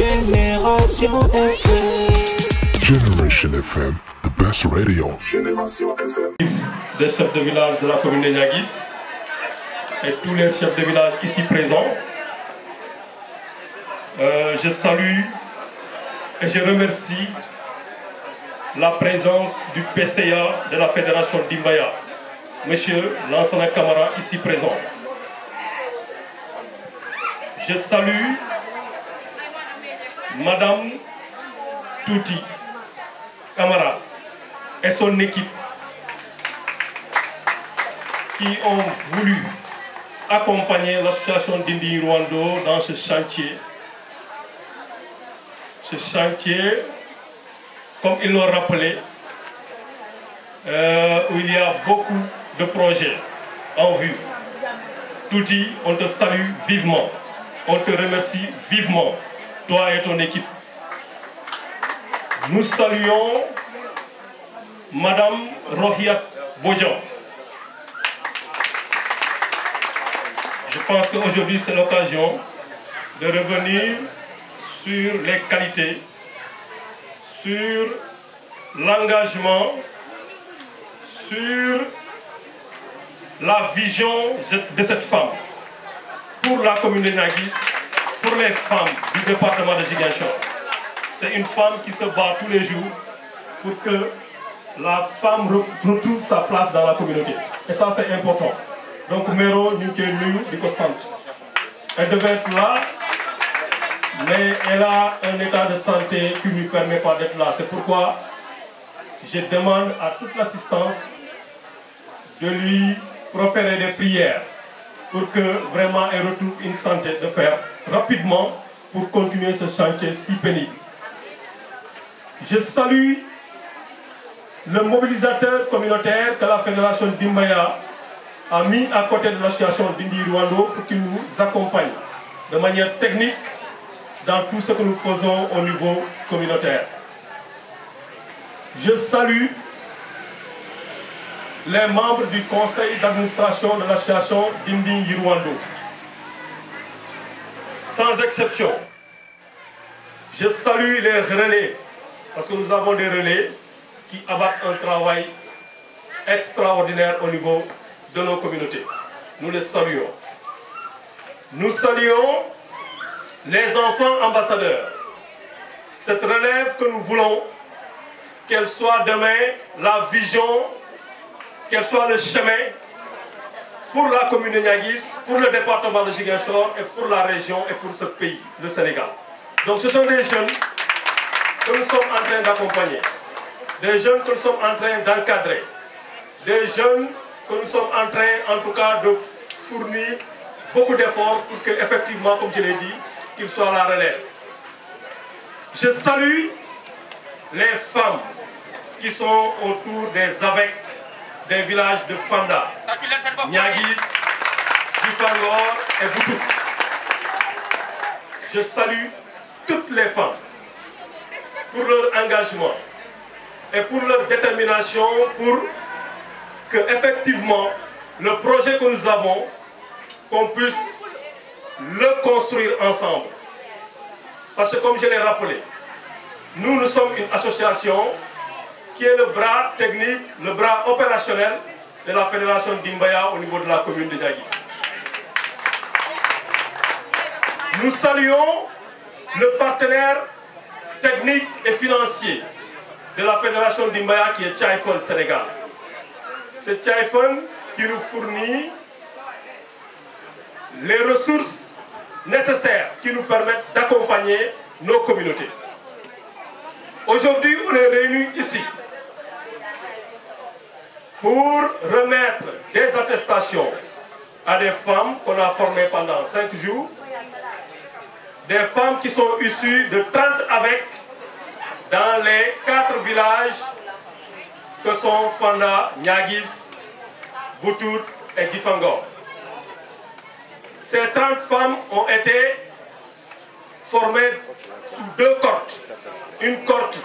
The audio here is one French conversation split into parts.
Génération FM. Generation FM, the best radio. Génération FM. Des chefs de village de la commune de Niagis et tous les chefs de village ici présents. Euh, je salue et je remercie la présence du PCA de la Fédération d'Imbaya, Monsieur Lansana Kamara, ici présent. Je salue Madame Touti Camara et son équipe qui ont voulu accompagner l'association d'Indi Rwando dans ce chantier. Ce chantier, comme ils l'ont rappelé, euh, où il y a beaucoup de projets en vue. Touti, on te salue vivement. On te remercie vivement toi et ton équipe. Nous saluons Madame Rohiat Bodjan. Je pense qu'aujourd'hui, c'est l'occasion de revenir sur les qualités, sur l'engagement, sur la vision de cette femme pour la communauté Nagis pour les femmes du département de Gigachon, C'est une femme qui se bat tous les jours pour que la femme retrouve sa place dans la communauté. Et ça, c'est important. Donc, Mero, nous Nikosante. Elle devait être là, mais elle a un état de santé qui ne lui permet pas d'être là. C'est pourquoi je demande à toute l'assistance de lui proférer des prières pour que vraiment elle retrouve une santé de fer rapidement pour continuer ce chantier si pénible. Je salue le mobilisateur communautaire que la Fédération d'Imbaya a mis à côté de l'association d'Indi Rwando pour qu'il nous accompagne de manière technique dans tout ce que nous faisons au niveau communautaire. Je salue les membres du conseil d'administration de l'association d'Indi Rwando sans exception. Je salue les relais, parce que nous avons des relais qui abattent un travail extraordinaire au niveau de nos communautés. Nous les saluons. Nous saluons les enfants ambassadeurs. Cette relève que nous voulons, qu'elle soit demain la vision, qu'elle soit le chemin pour la commune de Niagis, pour le département de Gigachor et pour la région et pour ce pays, le Sénégal. Donc ce sont des jeunes que nous sommes en train d'accompagner, des jeunes que nous sommes en train d'encadrer, des jeunes que nous sommes en train en tout cas de fournir beaucoup d'efforts pour qu'effectivement, comme je l'ai dit, qu'ils soient à la relève. Je salue les femmes qui sont autour des AVEC des villages de Fanda, Niagis, Dufangor et Boutou. Je salue toutes les femmes pour leur engagement et pour leur détermination pour que effectivement le projet que nous avons, qu'on puisse le construire ensemble. Parce que comme je l'ai rappelé, nous, nous sommes une association qui est le bras technique, le bras opérationnel de la fédération d'Imbaya au niveau de la commune de Dagis. Nous saluons le partenaire technique et financier de la fédération d'Imbaya qui est Chaifon Sénégal. C'est Chaifon qui nous fournit les ressources nécessaires qui nous permettent d'accompagner nos communautés. Aujourd'hui, on est réunis ici pour remettre des attestations à des femmes qu'on a formées pendant cinq jours, des femmes qui sont issues de 30 avec dans les quatre villages que sont Fanda, Nyagis, Boutout et Gifangor. Ces 30 femmes ont été formées sous deux cortes, une corte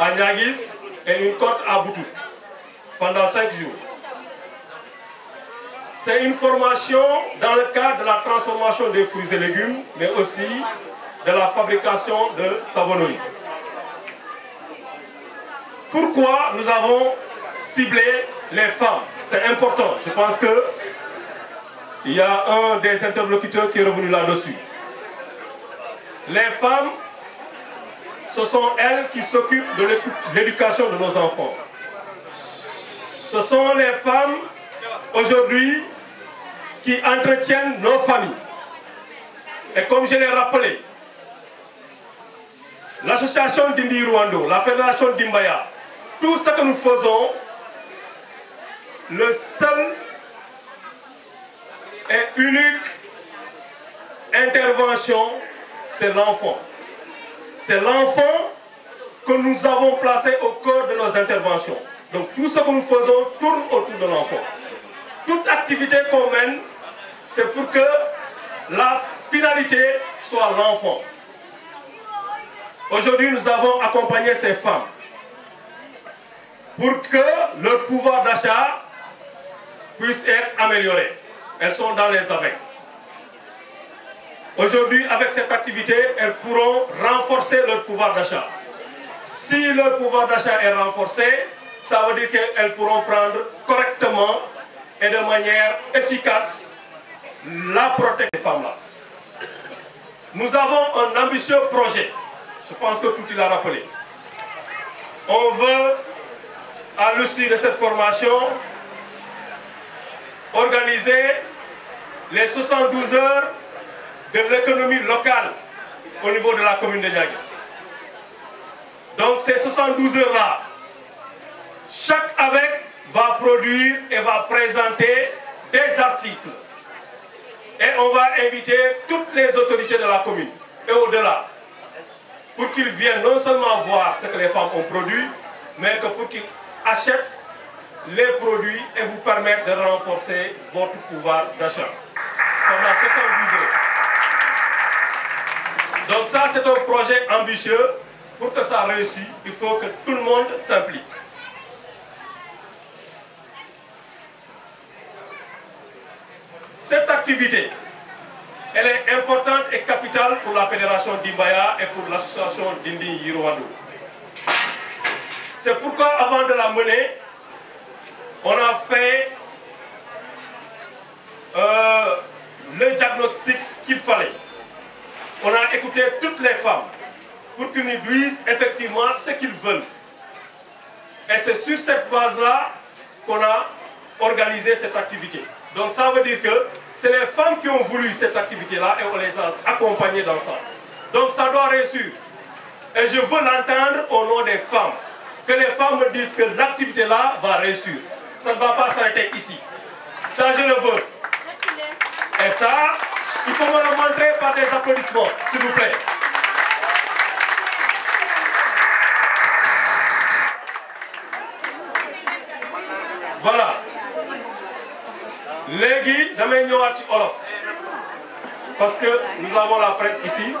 à Nyagis et une corte à Boutout pendant cinq jours. C'est une formation dans le cadre de la transformation des fruits et légumes, mais aussi de la fabrication de savonnerie. Pourquoi nous avons ciblé les femmes C'est important. Je pense que il y a un des interlocuteurs qui est revenu là-dessus. Les femmes, ce sont elles qui s'occupent de l'éducation de nos enfants ce sont les femmes aujourd'hui qui entretiennent nos familles. Et comme je l'ai rappelé, l'association d'Indi Rwando, la fédération d'Imbaya, tout ce que nous faisons, le seul et unique intervention, c'est l'enfant. C'est l'enfant que nous avons placé au cœur de nos interventions. Donc tout ce que nous faisons tourne autour de l'enfant. Toute activité qu'on mène, c'est pour que la finalité soit l'enfant. Aujourd'hui, nous avons accompagné ces femmes pour que leur pouvoir d'achat puisse être amélioré. Elles sont dans les avec. Aujourd'hui, avec cette activité, elles pourront renforcer leur pouvoir d'achat. Si leur pouvoir d'achat est renforcé, ça veut dire qu'elles pourront prendre correctement et de manière efficace la protection des femmes-là. Nous avons un ambitieux projet, je pense que tout il l'a rappelé. On veut, à l'issue de cette formation, organiser les 72 heures de l'économie locale au niveau de la commune de Niagis. Donc ces 72 heures-là, chaque avec va produire et va présenter des articles. Et on va inviter toutes les autorités de la commune et au-delà pour qu'ils viennent non seulement voir ce que les femmes ont produit, mais que pour qu'ils achètent les produits et vous permettent de renforcer votre pouvoir d'achat. Donc ça, c'est un projet ambitieux. Pour que ça réussisse, il faut que tout le monde s'implique. activité, elle est importante et capitale pour la fédération d'ibaya et pour l'association d'Indi C'est pourquoi avant de la mener, on a fait euh, le diagnostic qu'il fallait. On a écouté toutes les femmes pour qu'elles nous disent effectivement ce qu'ils veulent. Et c'est sur cette base-là qu'on a organisé cette activité. Donc ça veut dire que c'est les femmes qui ont voulu cette activité-là et on les a accompagnées dans ça. Donc ça doit réussir. Et je veux l'entendre au nom des femmes. Que les femmes disent que l'activité-là va réussir. Ça ne va pas s'arrêter ici. Ça, le veux. Et ça, il faut me le montrer par des applaudissements, s'il vous plaît. Voilà en damay ñëwaat ci olof parce que nous avons la presse ici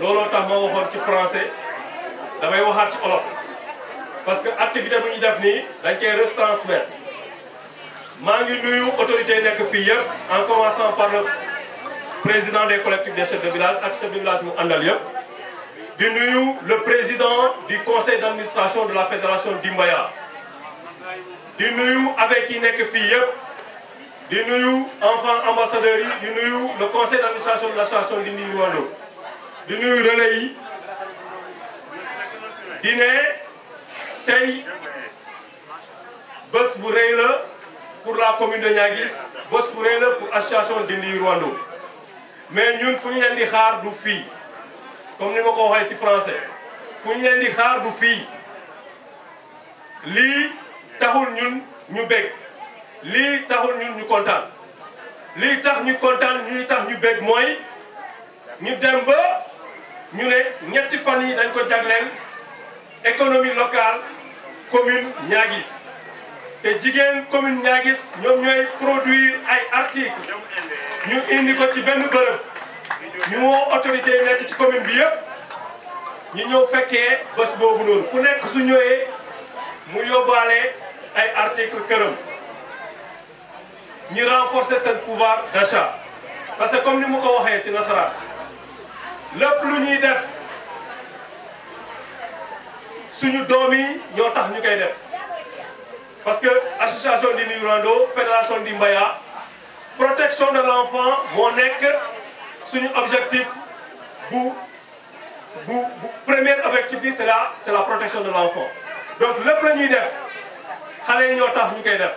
looloo tax ma waxoon ci français damay de ci olof parce que activité bu ñu def nii dañ koy retransmettre Nous avons nuyu de yi en commençant par le président des collectifs des chefs de village ak chef de village mu àndal yëpp di le président du conseil d'administration de la fédération Dimbaya di nuyu avec yi nekk di nuyu enfant ambassadeurs yi di nuyu le conseil d'administration de l'association dindi di nuyu Wando di nuyu Nous sommes di ne tey bés bu pour la commune de Nyagis bés bu pour l'association Dindi mais ñun fu ñu leen di xaar du fii comme ni ma ko waxee ci français fu ñu leen di xaar du fii li taxul nous ñu bég li taxul ñun ñu contane li tax ñu contane ñu tax ñu bég moy ñu dem ba ñu né ñetti fan yi dañ ko jagleel économie locale commune Niaguis té jigen commune Niaguis ñom ñoy produire ay articles ñu indi ko ci benn bëreuf ñu wo autorité nek ci commune bi yépp ñu ñëw fekkee bés bobu noonu ku nek su ñëwee mu yobalé ay articles kërëm nous renforcer ce pouvoir d'achat parce que comme ni mu ko waxee ci nous lépp lu ñuy def suñu doom yi ñoo tax ñu def parce que association di la fédération di Mbaya protection de l'enfant moo nekk suñu objectif bu bu premier objectif c'est la c'est la protection de l'enfant donc le la ñuy def xale yi ñoo tax def.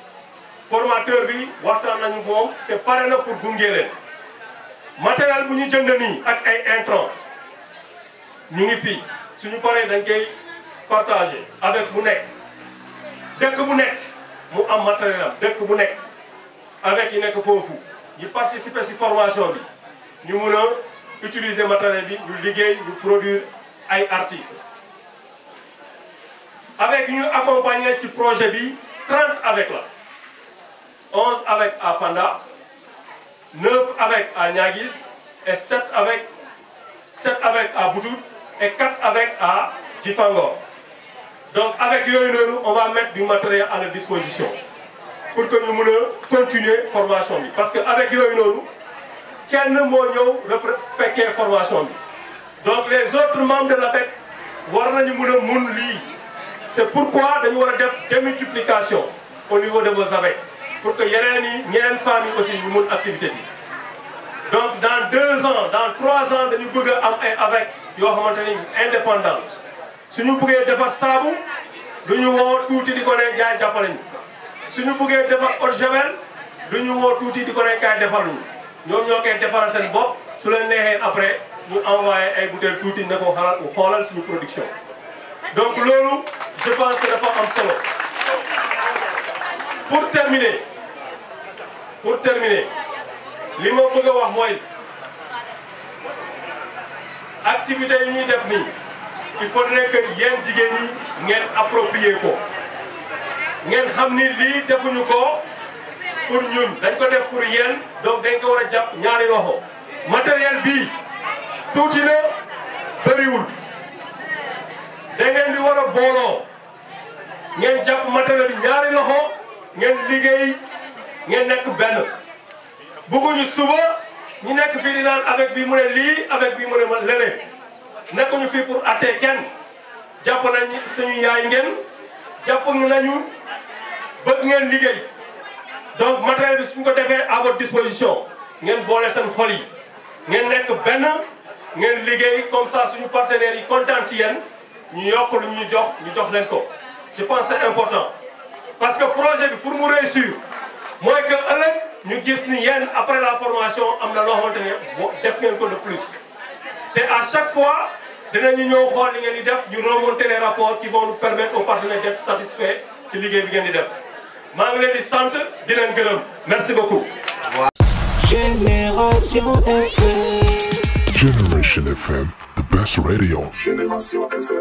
formateur bi waxtan nañu mom té paré na pour gunge leen matériel bu ñu jënd nii ak ay intrants ñu ngi fii suñu paré dañ koy partager avec bu nekk dekk bu nekk mu am matériel dekk bu nekk avec yi nekk fofu yi participer ci formation bi ñu mëna utiliser matériel bi ñu liggéey ñu produire ay articles avec ñu accompagner ci projet bi 30 avec la 11 avec Afanda, 9 avec à et 7 avec, 7 avec à et 4 avec à Donc avec eux, on va mettre du matériel à leur disposition pour que nous puissions continuer la formation. Parce qu'avec eux, quel ne fait la formation. Donc les autres membres de la tête, C'est pourquoi nous avons faire des multiplications au niveau de vos AVEC pour que Yéréni, une famille aussi, nous mon activité. Donc, dans deux ans, dans trois ans, nous nous pouvons avec Yohamantani, indépendante. Si nous pouvons défendre Sabou, nous pouvons tout de suite nous connaître Si nous pouvons défendre Orjavel, nous pouvons tout de suite nous connaître Nous pouvons défendre Sénbop, sur le nez après, nous envoyer un bout de tout de suite nous connaître sur nos productions. Donc, Lolo, je pense que nous avons comme ça. Pour terminer, pour terminer li ma bëgg a wax mooy activité yu ñuy def nii il faudrait que yéen jigéen ñi ngeen approprier ko ngeen xam ni lii defuñu ko pour ñun dañ ko def pour yéen donc dañ ko war a jàpp ñaari loxo matériel bii tuuti na bëriwul da ngeen di war a booloo ngeen jàpp matériel bi ñaari loxo ngeen liggéey ngeen nekk benn bëgguñu suba ñu nekk fii di naan avec bi mu ne lii avec bi mu ne ma lële nekkuñu fii pour atte kenn jàpp nañ suñu yaay ngeen jàpp nañu bëgg ngeen liggéey donc matériel bi suñu ko demee à disposition ngeen boole seen xol yi ngeen nekk benn ngeen liggéey comme ça suñu partenaires yi kontaan ci yéen ñu yokk lu jox ñu jox leen ko je pense c'est important parce que projet pour mu réussir mooy que ëllëg nous gis ni après la formation nous na loo faire de plus Et à chaque fois nous ñëw xool ngeen di remonter les rapports qui vont nous permettre aux partenaires d'être satisfaits de ce bi ngeen di def maa ngi di merci beaucoup. Génération FM. Génération FM, the best radio. Génération FM.